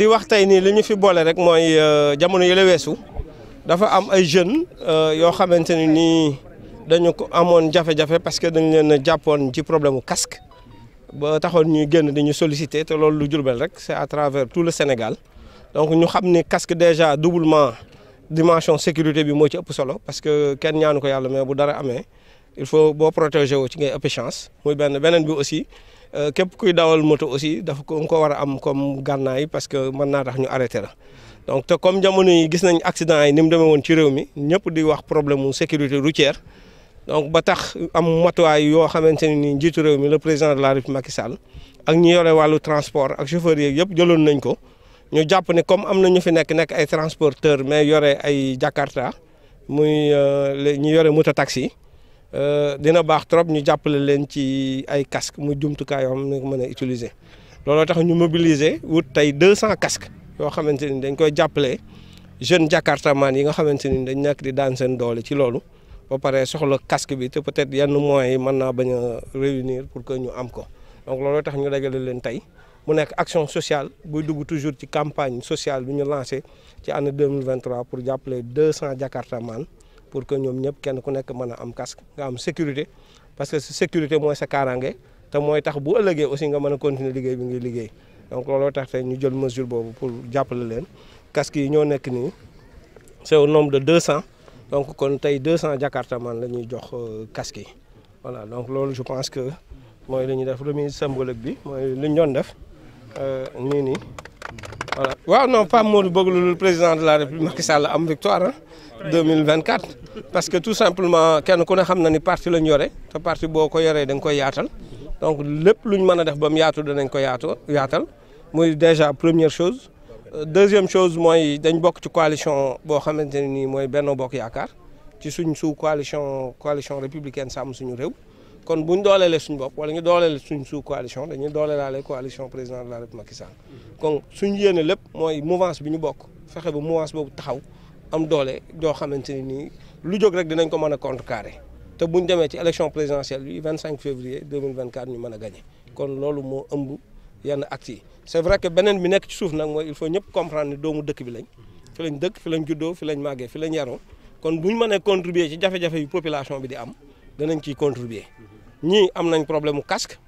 di wax tey nii li ñu fi boole rek mooy euh, jamono yële weesu dafa am ay jeunes euh, yoo xamante ne nii dañu ko amoon jafe-jafe parce que dañu leen a jàppoon ci problème mu casque ba taxoon ñuy génn di ñu solliciter te loolu lu Jurbel rek c'est à travers tout le Sénégal donc ñu xam ni casque déjà doublement dimension sécurité bi mooy ci ëpp solo parce que kenn ñaanu ko yàlla mais bu dara amee il faut boo protéger woo ci ngay ëpp chance muy benn beneen bi aussi. Euh, képp kuy dawal moto aussi dafa ko ko war a am comme gànnaay parce que mën naa tax ñu arrêté la donc te comme jamono yi gis nañ accident yi ni mu demee woon ci réew mi ñëpp di wax problème mu sécurité routière donc ba tax am matuwaay yoo xamante ne nii njiitu réew mi le président de la République Macky Sall ak ñi yore wàllu transport ak chauffeurs yeeg yëpp jëloon nañ ko ñu jàpp ne comme am na ñu fi nekk nekk ay transporteur mais yore ay Jakarta muy euh, ñi yore moto taxi. Euh, dina baax trop ñu jàppale leen ci ay casque mu jumtukaay yoo xam ne mën a utiliser looloo tax ñu mobiliser wut tey deux cent casques yoo xamante ni dañ koy jàppale jeune jakartaman yi nga xamante ni dañ nekk di daan seen doole ci loolu ba pare soxla casque bi te peut-être yenn moyens yi mën naa bañ réunir pour que ñu am ko donc looloo tax ñu dajale leen tey mu nekk action sociale buy dugg toujours ci campagne sociale bi ñu lancé ci année 2023 pour jàppale deux cent jakartaman pour que ñoom ñëpp kenn ku nekk mën a am casque nga am sécurité parce que sécurité mooy sa kaaraange te mooy tax bu ëllëgee aussi nga man a continuer liggéey bi ngay liggéey donc looloo tax tey ñu jël mesure boobu pour jàppale leen casque yi ñoo nekk nii c'est au nombre de 200 donc kon tey 200 jakartaman la ñuy jox euh, casque yi voilà donc loolu je pense que mooy li ñuy def remise symbolique bi mooy li ñu doon def euh, nii nii voilà waaw non Pape Modou bëgg lu président de la République Macky Sall am victoire ah. 2024 parce que tout simplement kenn ku ne xam na ni la lañ yore te parti boo ko yoree da nga koy yaatal donc lépp luñ mën a def ba mu yaatu danañ ko yaatu yaatal muy déjà première chose deuxième chose mooy dañ bokk ci coalition boo xamante ne nii mooy Benno Bokk Yaakaar ci suñ sous coalition coalition républicaine sàmm suñu réew kon bu ñu dooleele suñ bopp wala ñu dooleele suñ sous coalition dañuy dooleelaale coalition président de la République Macky Sall kon suñ yéene lépp mooy mouvance bi ñu bokk fexe ba mouvance boobu taxaw am doole joo xamante ni nii lu jóg rek dinañ ko mën a contrecarrer te bu ñu demee ci élection présidentielle bi 25 février 2024 ñu mën a gagné kon loolu moo ëmb yenn actes yi c'est vrai que beneen bi nekk ci suuf nag mooy il faut ñëpp comprendre ni doomu dëkk bi lañ fi lañ dëkk fi lañ juddoo fi lañ màggee fi lañ yaroo kon bu ñu mënee contribuer ci jafe-jafe yu population bi di am danañ ci contribuer ñii am nañ problème mu casque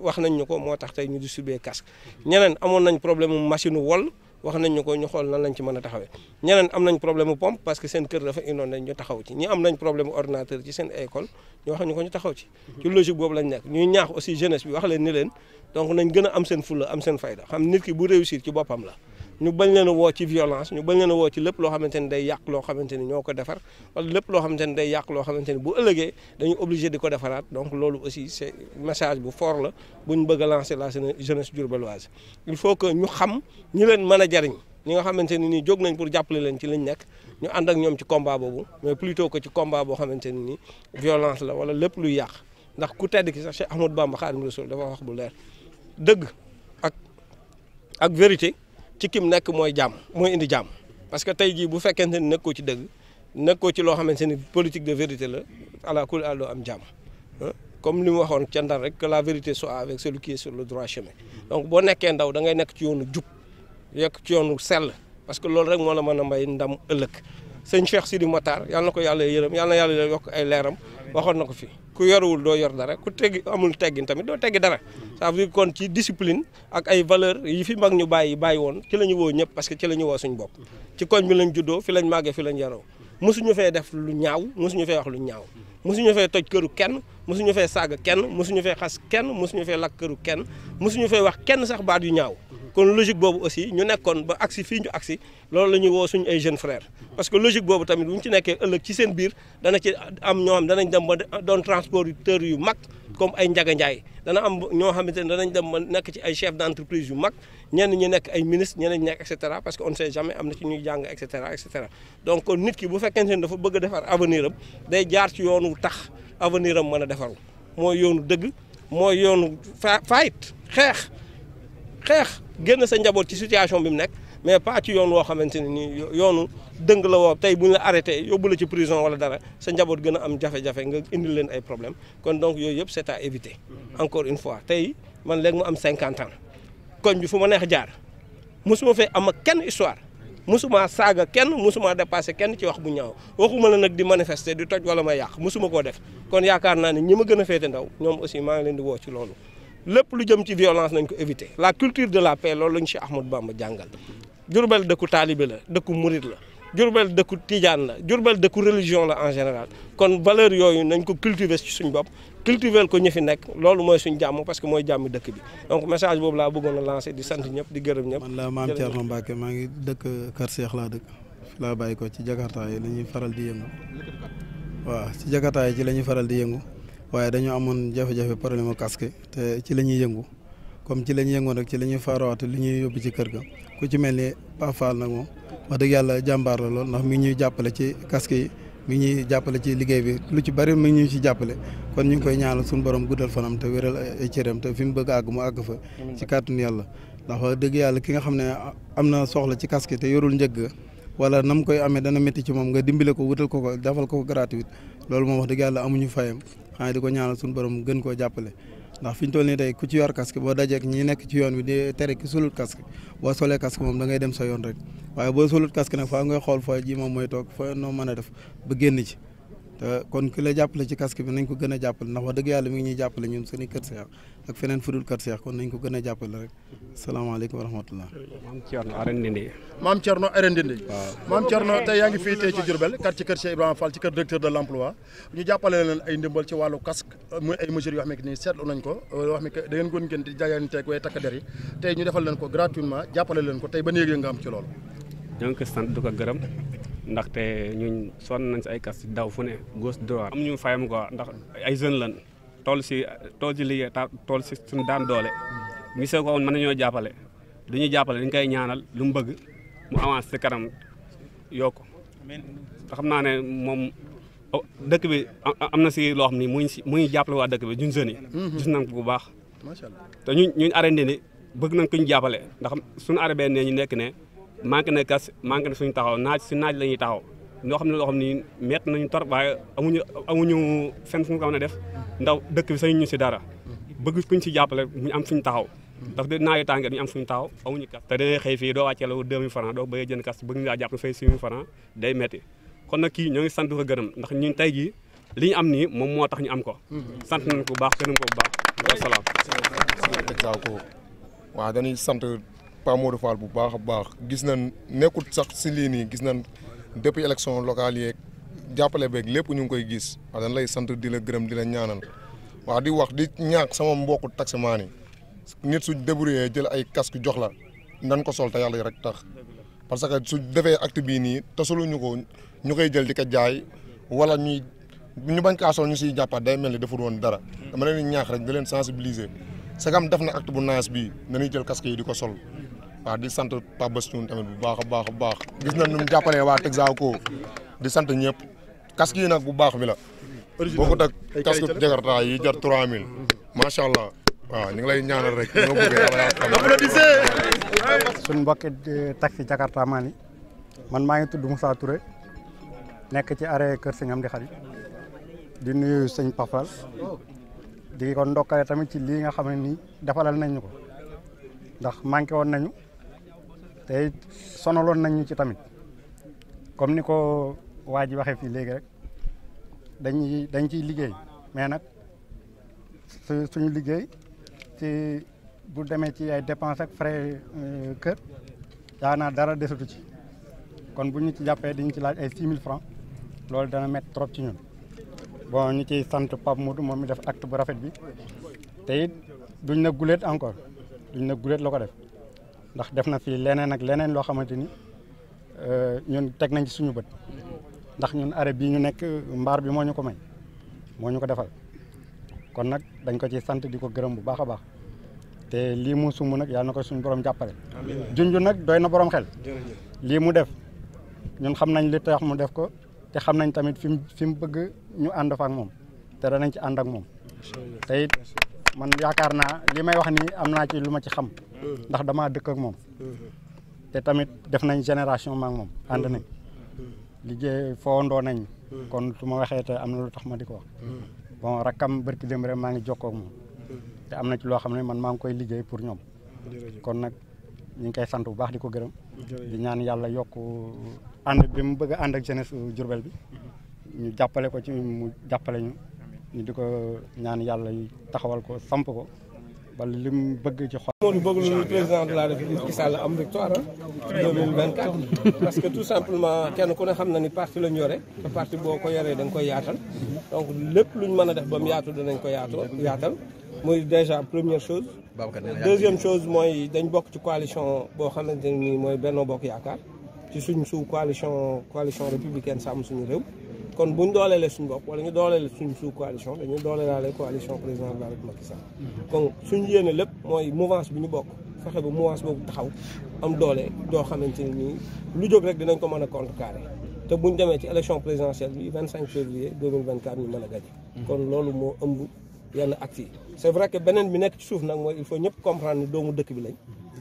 wax nañ ñu ko moo tax tey ñu distribuer casque ñeneen amoon nañ problème mu machine wol wax nañ ñu ko ñu xool nan lañ ci mën a taxawee ñeneen am nañ problème mu pompe parce que seen kër dafa inondé ñu taxaw ci ñi am nañ problème ordinateur ci seen école ñu wax ñu ko ñu taxaw ci mhm. ci logique boobu lañ nekk ñu ñaax aussi jeunesse bi wax leen ni leen donc nañ gën a am seen fulla am seen fayda xam nit ki bu réussir ci boppam la ñu bañ leen a woo ci violence ñu bañ leen a woo ci lépp loo xamante ni day yàq loo xamante ni ñoo ko defar lépp loo xamante ni day yàq loo xamante ni bu ëllëgee dañu obligé di ko defaraat donc loolu aussi c'est message bu foor la bu ñu bëgg a lancer la jeunesse diourbelloise il faut que ñu xam ñi leen mën a jariñ ñi nga xamante ni nii jóg nañ pour jàppale leen ci liñ nekk ñu ànd ak ñoom ci combat boobu mais plutôt ko ci combat boo xamante ni nii violence la wala lépp luy yàq ndax ku tedd ki sax Cheikh Ahmadou Bamba Khadimu Rasul dafa wax bu leer dëgg ak ak vérité ci kim nekk mooy jàmm mooy indi jàmm parce que tey jii bu fekkente ni nekkoo ci dëgg nekkoo ci loo xamante ni politique de vérité la ala kulli àll am jàmm comme ni mu waxoon ca Ndar rek que la vérité soit avec celui qui est sur le droit chemin donc boo nekkee ndaw dangay nekk ci yoonu jub yekk ci yoonu sell parce que loolu rek moo la mën a mbay ndam ëllëg sëñ Cheikh Sidi Matar yal na ko yàlla yërëm yal na yàlla yokk ay leeram waxoon na ko fi ku yorewul doo yor dara ku teggi amul teggin tamit doo teggi dara ça veut dire kon ci discipline ak ay valeur yi fi mag ñu bàyyi bàyyi woon ci la ñu woo ñëpp parce que ci la ñu woo suñ bopp ci koñ bi lañ juddoo fi lañ màggee fi lañ yaroo mosuñu fee def lu ñaaw mosuñu fee wax lu ñaaw mosuñu fee toj këru kenn mosuñu fee saaga kenn mosuñu fee xas kenn mosuñu fee lakk këru kenn mosuñu fee wax kenn sax baat yu ñaaw kon logique boobu aussi ñu nekkoon ba agsi fii ñu agsi loolu la ñuy woo suñ ay jeunes frères parce que logique boobu tamit bu ñu ci nekkee ëllëg ci seen biir dana ci am ñoo xam danañ dem ba doon yu mag comme ay Njaga Njaay dana am ñoo xamante ne danañ dem ba nekk ci ay chef d'entreprise yu mag ñenn ñi nekk ay ministre ñeneen ñi nekk et cetera parce que on ne sait jamais am na ci ñuy jàng et donc kon nit ki bu fekkente ne dafa bëgg defar avenir am day jaar ci yoonu tax aveniram am a defaru mooy yoonu dëgg mooy yoonu fa faayit xeex génn sa njaboot ci situation bi mu nekk mais pas ci yoon woo xamante ne nii yoonu dëng la woo tey bu ñu la arrêté yóbbu la ci prison wala dara sa njaboot gën a am jafe-jafe nga indi leen ay problème kon donc yooyu yëpp c'est à éviter encore une fois tey man léegi mu am cinquante an kon bi fu ma neex jaar mosuma fee am ak kenn histoire mosuma saaga kenn mosuma dépassé kenn ci wax bu ñaaw waxuma la nag di manifester di toj wala ma yàq mosuma koo def kon yaakaar naa ne ñi ma gën a féete ndaw ñoom aussi maa ngi leen di woo ci loolu lépp lu jëm ci violence nañ ko éviter la culture de la paix loolu la ñu Cheikh Ahmadou Bamba jàngal Jurbel dëkku taalibe la dëkku murit la Jurbel dëkku tijaan la Jurbel dëkku religion la en général kon valeur yooyu nañ ko cultiver ci suñ bopp cultiver ko ñu fi nekk loolu mooy suñ jàmm parce que mooy jàmm dëkk bi donc message boobu laa bëggoon a lancer di sant ñëpp di gërëm ñëpp. man la maam Thierno Mbacke maa ngi dëkk Kër Cheikh laa dëkk fi laa bàyyi ko ci Jakarta yi la ñuy faral di yëngu waaw ci Jakarta la ñuy faral di yëngu. waaye dañoo amoon jafe-jafe problème casque te ci la ñuy yëngu comme ci la ñuy yëngoon rek ci la ñuy faarawaate li ñuy yóbbu ci kër ga ku ci mel ni Pape Fall nag moom wax dëgg yàlla jàmbaar lool ndax mi ngi ñuy jàppale ci kaski yi ngi ñuy jàppale ci liggéey bi lu ci bari mi ngi ñu ci jàppale kon ñu ngi koy ñaanal suñu borom guddal fanam te wéral ay cëram te fi mu bëgg àgg mu àgg fa ci kàttanu yàlla ndax wax dëgg yàlla ki nga xam ne am na soxla ci casque te yorul njëgg wala nam mu koy amee dana métti ci moom nga dimbale ko wutal ko ko defal ko ko gratuite loolu moom wax dëgg yàlla amuñu fayam xanaa di ko ñaanal suñu borom gën koo jàppale ndax fi ñu toll nii tey ku ci yor casque boo dajeek ñi nekk ci yoon bi di tere ki solut casque boo solee casque moom da dem sa yoon rek waaye boo solut casque nag faa nga xool foo ji moom mooy toog foo noo mën a def ba génn ci te kon ki jàppale ci casque bi nañ ko gën a jàppale ndax wax dëgg yàlla mi ngi ñuy jàppale ñun seen i kër seex ak feneen fudul kër seex kon nañ ko gën a jàppale rek salaamaaleykum wa rahmatullah maam Thierno Arendinde yaa ngi fii tey ci Diourbel quartier kër Cheikh jàppale leen ay ndimbal ci wàllu casque muy ay mesures yoo xam ne nii seetlu nañ ko yoo xam ne da ngeen goon ngeen di jaayanteeg way takk der yi tey ñu defal leen ko gratuitement jàppale leen ko tey ba néeg nga am ci loolu donc sant du ko gërëm ndaxte ñun sonn nañ si ay kas daw fu ne gauche droite am ñu fayam quoi ndax ay jeunes lan tool si tool si liggéey tool si suñu daan doole monsieur ko woon mën nañoo jàppale du ñu jàppale dañ koy ñaanal lu mu bëgg mu avance si kanam yokku te xam naa ne moom oh, dëkk bi am na si loo xam ni mu ngi si mu ngi waa dëkk bi ñun jeunes yi mhm. gis nañ ko bu baax te ñun ñun arrêté ni bëgg nañ ko ñu jàppale ndax suñu arrêté ne ñu nekk ne manqué na gas manqué na suñu taxaw naaj si naaj la ñuy taxaw ñoo xam ne loo xam ni métti nañu trop waaye amuñu amuñu fenn fu ñu ko mën def ndaw dëkk bi sañu ñu si dara bëgg kuñ si jàppale mu am suñu taxaw ndax de naaju tànge duñu am suñu taxaw amuñu kas xëy fii doo wàccee la 2000 francs doo bëggee jënd kas bëgg ñu laa jàpp fay 6000 francs day métti kon nag kii ñoo ngi sant ko gërëm ndax ñu tey jii li ñu am nii moom moo tax ñu am ko sant nañ ko bu baax gërëm ko bu baax wasalaam waaw dañuy sant Pa Modou Fall bu baax a baax gis nañ nekkul sax si lii nii gis na depuis élection locale yee jàppale beeg lépp ñu ngi koy gis waaw dañ lay sant di la gërëm di la ñaanal waaw di wax di ñaax sama mbokku taximaan yi nit su débrouillé jël ay casque jox la nan ko sol te yàlla rek tax parce que su defee acte bii nii tasuluñu ko ñu koy jël di ko jaay wala ñuy ñu bañ kaa sol ñu siy jàppaat day mel ni deful woon dara dama leen ñaax rek di leen sensibiliser sagam def na acte bu naas bii nañuy jël casque di ko sol waaw di sant Pape Bastoun tamit bu baax a baax a baax gis nañ nu mu jàppalee waa Texaco di sant ñëpp casque yi nag bu baax bi la. original bokkut ak casque Jakarta yi jar 3000. macha waaw ñu ngi lay ñaanal rek ñoo bëggee yàlla yàlla. suñu mbokki taxi Jakarta man maa ngi tudd Moussa Touré nekk ci arrêt Kër Singam di xarit di nuyu sëñ Pafal di ko ndokkale tamit ci lii nga xam ni defalal nañ ko ndax manqué woon nañu. te sonaloon nañ ñu ci tamit comme ni ko waa ji waxee fii léegi rek dañuy dañ ciy liggéey mais nag su suñu liggéey ci bu demee ci ay dépenses ak frais euh, kër yaa naa dara desatu ci kon bu ñu ci jàppee diñ ci laaj ay six mille francs loolu dana métti trop ci ñun bon ñu ciy sant Pape du moom mi def acte bu rafet bi tey duñ na guléet encore duñ na guléet la ko def ndax def na fi leneen ak leneen loo xamante ni euh, ñun teg nañ ci suñu bët ndax ñun arrêt bii ñu nekk mbaar bi moo ñu ko may moo ñu ko defal kon nag dañ ko ci sant di ko gërëm bu baax a baax te lii mu sumb nag yàlla na ko suñu borom jàppale junju nag doy na borom xel lii mu def ñun xam nañ li tax mu def ko te xam nañ tamit fi mu mu bëgg ñu ànd fa moom te danañ ci ànd ak moom te man yaakaar naa li may wax ni am naa ci lu ma ci xam ndax dama dëkk moom te tamit def nañ génération maak moom ànd nañ liggéey foondoo nañ kon su ma waxee te am na lu tax ma di ko wax bon rakkam barki démb rek maa ngi jokkoo ak moom te am na ci loo xam ne man maa ngi koy liggéey pour ñoom kon nag ñu ngi koy sant bu baax di ko gërëm di ñaan yàlla yokk ànd bi mu bëgg a ànd ak jeunesse bi ñu jàppale ko ci mu jàppale ñu ñu di ko ñaan yàlla taxawal ko samp ko wala li mu bëgg ci xol. moom bëgg lu président de la république Macky Sall am victoire ah. 2024 parce que tout simplement kenn ku ne xam na ni parti la ñu yore te parti boo ko yoree da nga koy yaatal donc lépp lu ñu mën a def ba mu yaatu danañ ko yaatoo yaatal muy déjà première chose. deuxième chose mooy dañ bokk ci coalition boo xamante ni mooy Benno Bokk Yaakaar ci suñ sous coalition coalition républicaine sàmm suñu réew. kon bu ñu dooleelee suñ bopp wala ñu dooleele suñ sous coalition dañu dooleelaale coalition président de la République Macky Sall kon suñu yéene lépp mooy mouvance bi ñu bokk fexe ba mouvance boobu taxaw am doole doo xamante ni lu jóg rek dinañ ko mën a contrecarrer te bu demee ci élection présidentielle bi 25 février 2024 ñu mën a gaje kon loolu moo ëmb yenn actes yi c'est vrai que beneen bi nekk suuf nag mooy il faut ñëpp comprendre ni doomu dëkk bi lañ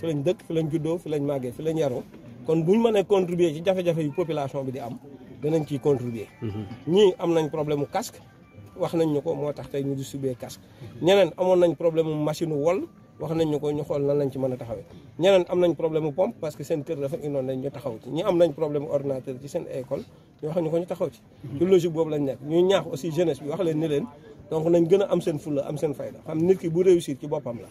fi lañ dëkk fi lañ juddoo fi lañ màggee fi lañ yaroo kon bu ñu mënee contribuer ci jafe-jafe yu population bi di am denañ ciy contribuer mhm. ñii am nañ problème mu casque wax nañ ñu ko moo tax tey ñu distribuer casque ñeneen amoon nañ problème mu machine wol wax nañ ñu ko ñu xool nan lañ ci mën a taxawee ñeneen am nañ problème mu pompe parce que seen kër dafa inondé ñu taxaw ci ñi am nañ problème ordinateur ci seen école ñu wax ñu ko ñu taxaw ci mhm. ci logique boobu lañ nekk ñuy ñaax aussi jeunesse bi wax leen ni leen donc nañ gën a am seen fulla am seen fayda xam nit ki bu réussir ci boppam la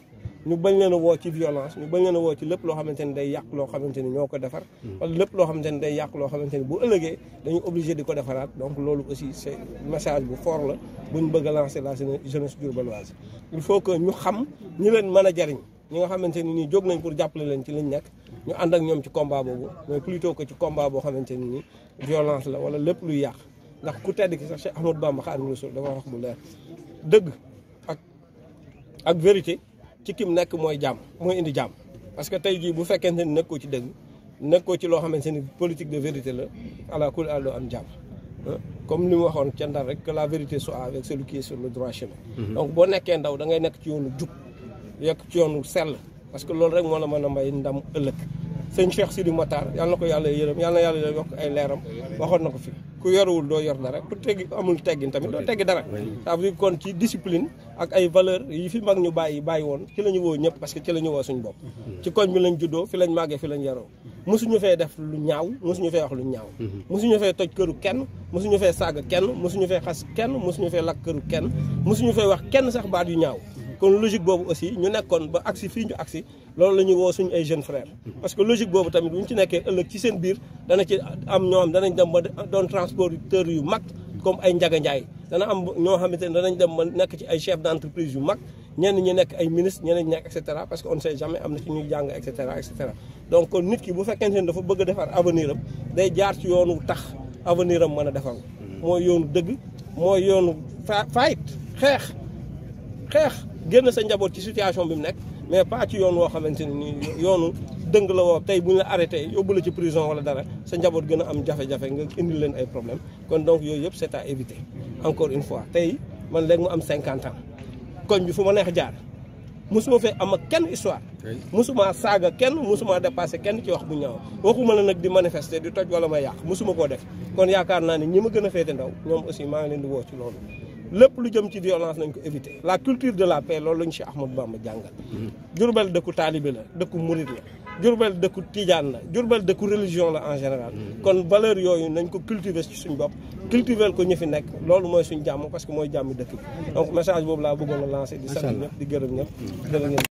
ñu bañ leen a woo ci violence ñu bañ leen a woo ci lépp loo xamante ni day yàq loo xamante ni ñoo ko defar hmm. wala lépp loo xamante ni day yàq loo xamante ni bu ëllëgee dañu obligé di ko defaraat donc loolu aussi c'est bu fort la buñ bëgg a lancer la jeunesse diourbelloise il faut que ñu xam ñu leen mën jariñ ñi nga xamante ni nii jóg nañ pour jàppale leen ci liñ nekk ñu ànd ak ñoom ci combat boobu mais plutôt que ci combat boo xamante ni nii la wala lépp luy yàq ndax ku tedd ki sax Cheikh Ahmadou Bamba Xaadimu Rasuul dafa wax bu leer dëgg ak ak vérité ci kim nekk mooy jàmm moo indi jàmm parce que tey jii bu fekkente ni nekkoo ci dëgg nekkoo ci loo xamante ni politique de vérité la ala kulli àll am jàmm comme li mu waxoon ca ndar rek que la vérité soit avec celui qui est sur le droit chemin mhm. donc boo nekkee ndaw dangay nekk ci yoonu jub yekk ci yoonu sell parce que loolu rek moo la mën a mbay ndam ëllëg sëñ Cheikh Sidi Matar yàlla na ko yàlla yërëm yàlla na yàlla yokk ay leeram waxoon na ko fi ku yorwul doo yor dara ku teggi amul teggin tamit doo teggi dara ça veut kon ci discipline ak ay valeur yi fi mag ñu bàyyi bàyyi woon ci la ñu woo ñëpp parce que ci la ñu woo suñ bopp mhm. ci koñ bi lañ juddoo fi lañ màggee fi lañ yaroo mhm. mosuñu fee def lu ñaaw suñu fee wax lu ñaaw mhm. mosuñu fee toj këru kenn mosuñu fee saaga kenn mosuñu fee xas kenn mosuñu fee lakk këru kenn mosuñu fee wax kenn sax baat yu ñaaw kon logique boobu aussi ñu nekkoon ba agsi fii ñu agsi loolu la ñuy woo suñ ay jeunes frères. parce que logique boobu tamit bu ñu ci nekkee ëllëg ci seen biir dana ci am ñoo xam danañ dem ba doon yu mag comme ay Njaga Njaay dana am ñoo xamante ne danañ dem ba nekk ci ay chef d'entreprise yu mag ñenn ñi nekk ay ministre ñeneen ñi nekk et cetera parce que on ne sait jamais am na ci ñuy jàng et cetera donc kon nit ki bu fekkente ne dafa bëgg a defar avenir am day jaar ci yoonu tax avenir am mën a defar hmm. mooy yoonu dëgg mooy yoonu fa faayit xeex xeex génn sa njaboot ci situation bi mu nekk mais pas ci yoon woo xamante ne nii yoonu dëng la woo tey bu ñu la arrêté yóbbu la ci prison wala dara sa njaboot gën a am jafe-jafe nga indi leen ay problème kon donc yooyu yëpp c'est à éviter encore une fois tey man léegi mu am cinquante ans koñ bi fu ma neex jaar mosuma fee am ak kenn histoire mosuma saaga kenn mosuma dépassé kenn ci wax bu ñaaw waxuma la nag di manifester di toj wala ma yàq mosuma koo def kon yaakaar naa ne ñi ma gën a féete ndaw ñoom aussi maa ngi leen di woo ci loolu lépp lu jëm ci violence nañ ko éviter la culture de la paix loolu la ñu Cheikh Ahmadou Bamba jàngal mm-hmm. Jurbel dëkku taalibe la dëkku murit la Jurbel dëkku tijaan la Jurbel dëkku religion la en général mm-hmm. kon valeur yooyu nañ ko cultiver ci suñ bopp cultiver ko ñu fi nekk loolu mooy suñ jàmm parce que mooy jàmm dëkk bi mm-hmm. donc message boobu laa bëggoon a lancer di sant ñëpp di gërëm ñëpp